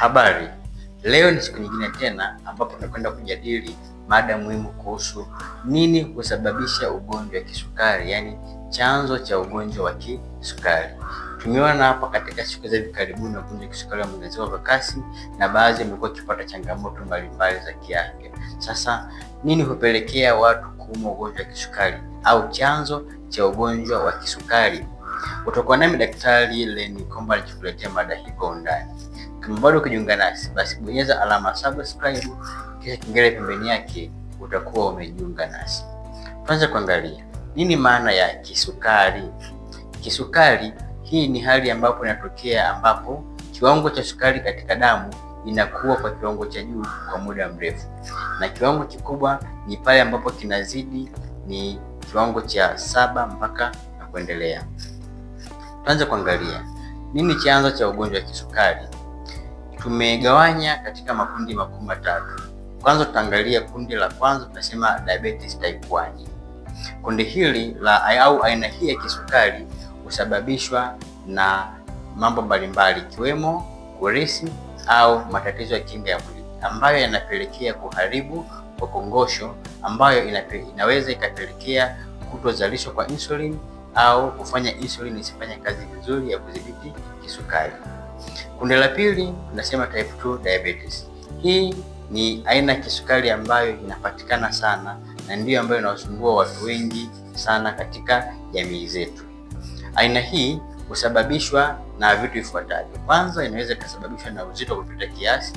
Habari, leo ni siku nyingine tena ambapo tunakwenda kujadili mada muhimu kuhusu nini husababisha ugonjwa wa kisukari, yaani chanzo cha ugonjwa wa kisukari. Tumeona hapa katika siku za hivi karibuni ugonjwa wa kisukari wameongezeka kwa kasi na baadhi wamekuwa wakipata changamoto mbalimbali za kiafya. Sasa nini hupelekea watu kuumwa ugonjwa wa kisukari au chanzo cha ugonjwa wa kisukari? Utakuwa nami Daktari Leni Komba nikikuletea mada hii kwa undani kama bado kujiunga nasi, basi bonyeza alama subscribe, kisha kengele pembeni yake, utakuwa umejiunga nasi. Kwanza kuangalia nini maana ya kisukari. Kisukari hii ni hali ambapo inatokea ambapo kiwango cha sukari katika damu inakuwa kwa kiwango cha juu kwa muda mrefu, na kiwango kikubwa ni pale ambapo kinazidi ni kiwango cha saba mpaka na kuendelea. Tuanze kuangalia nini chanzo cha ugonjwa wa kisukari tumegawanya katika makundi makuu matatu. Kwanza tutaangalia kundi la kwanza, tunasema diabetes type 1. Kundi hili la au aina hii ya kisukari husababishwa na mambo mbalimbali ikiwemo kurisi au matatizo ya kinga ya mwili ambayo yanapelekea kuharibu kwa kongosho ambayo inaweza ikapelekea kutozalishwa kwa insulin au kufanya insulin isifanye kazi vizuri ya kudhibiti kisukari. Kundi la pili tunasema type 2 diabetes. Hii ni aina ya kisukari ambayo inapatikana sana na ndiyo ambayo inawasumbua watu wengi sana katika jamii zetu. Aina hii husababishwa na vitu vifuatavyo. Kwanza, inaweza ikasababishwa na uzito kupita kiasi,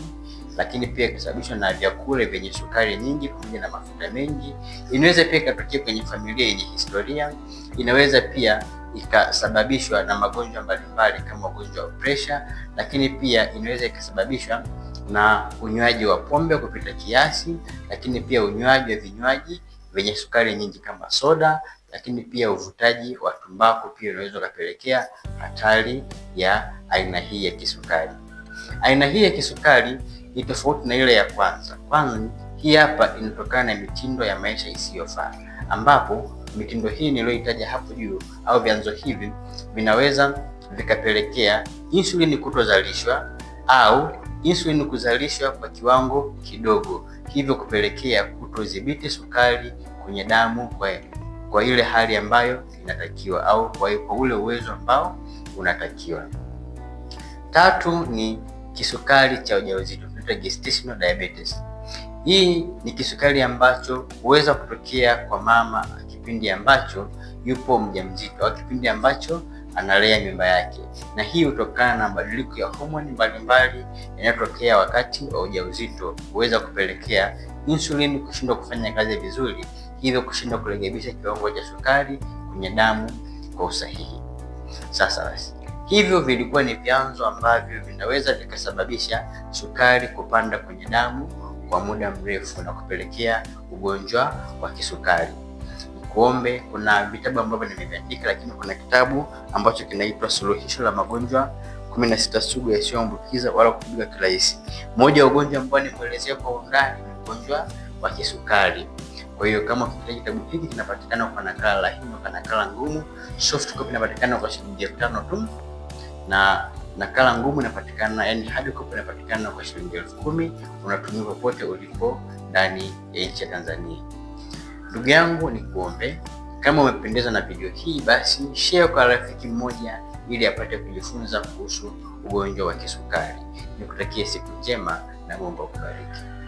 lakini pia ikasababishwa na vyakula vyenye sukari nyingi pamoja na mafuta mengi. Inaweza pia ikatokea kwenye familia yenye historia. Inaweza pia ikasababishwa na magonjwa mbalimbali kama ugonjwa wa presha, lakini pia inaweza ikasababishwa na unywaji wa pombe kupita kiasi, lakini pia unywaji wa vinywaji vyenye sukari nyingi kama soda, lakini pia uvutaji wa tumbaku pia unaweza ukapelekea hatari ya aina hii ya kisukari. Aina hii ya kisukari ni tofauti na ile ya kwanza. Kwanza hii hapa inatokana na mitindo ya maisha isiyofaa ambapo mitindo hii niliyoitaja hapo juu au vyanzo hivi vinaweza vikapelekea insulini kutozalishwa au insulini kuzalishwa kwa kiwango kidogo, hivyo kupelekea kutodhibiti sukari kwenye damu kwa, kwa ile hali ambayo inatakiwa au kwa, kwa ule uwezo ambao unatakiwa. Tatu ni kisukari cha ujauzito, tunaita gestational diabetes. Hii ni kisukari ambacho huweza kutokea kwa mama kipindi ambacho yupo mjamzito au kipindi ambacho analea mimba yake, na hii hutokana na mabadiliko ya homoni mbalimbali yanayotokea wakati wa ujauzito, huweza kupelekea insulini kushindwa kufanya kazi vizuri, hivyo kushindwa kurekebisha kiwango cha sukari kwenye damu kwa usahihi. Sasa basi, hivyo vilikuwa ni vyanzo ambavyo vinaweza vikasababisha sukari kupanda kwenye damu kwa muda mrefu na kupelekea ugonjwa wa kisukari. Nikuombe, kuna vitabu ambavyo nimeviandika, lakini kuna kitabu ambacho kinaitwa Suluhisho la Magonjwa 16 sugu yasiyoambukiza wala kupigwa kirahisi. Moja ya ugonjwa ambao nimeelezea kwa undani ni ugonjwa wa kisukari. Kwa hiyo kama ukihitaji kitabu hiki, kinapatikana kwa nakala laini, kwa nakala ngumu. Soft copy inapatikana kwa shilingi elfu tano tu na nakala ngumu inapatikana, yani hard copy inapatikana kwa shilingi elfu kumi. Unatumia popote ulipo ndani ya nchi ya Tanzania. Ndugu yangu ni kuombe, kama umependezwa na video hii, basi share kwa rafiki mmoja ili apate kujifunza kuhusu ugonjwa wa kisukari. Nikutakie siku njema na Mungu akubariki.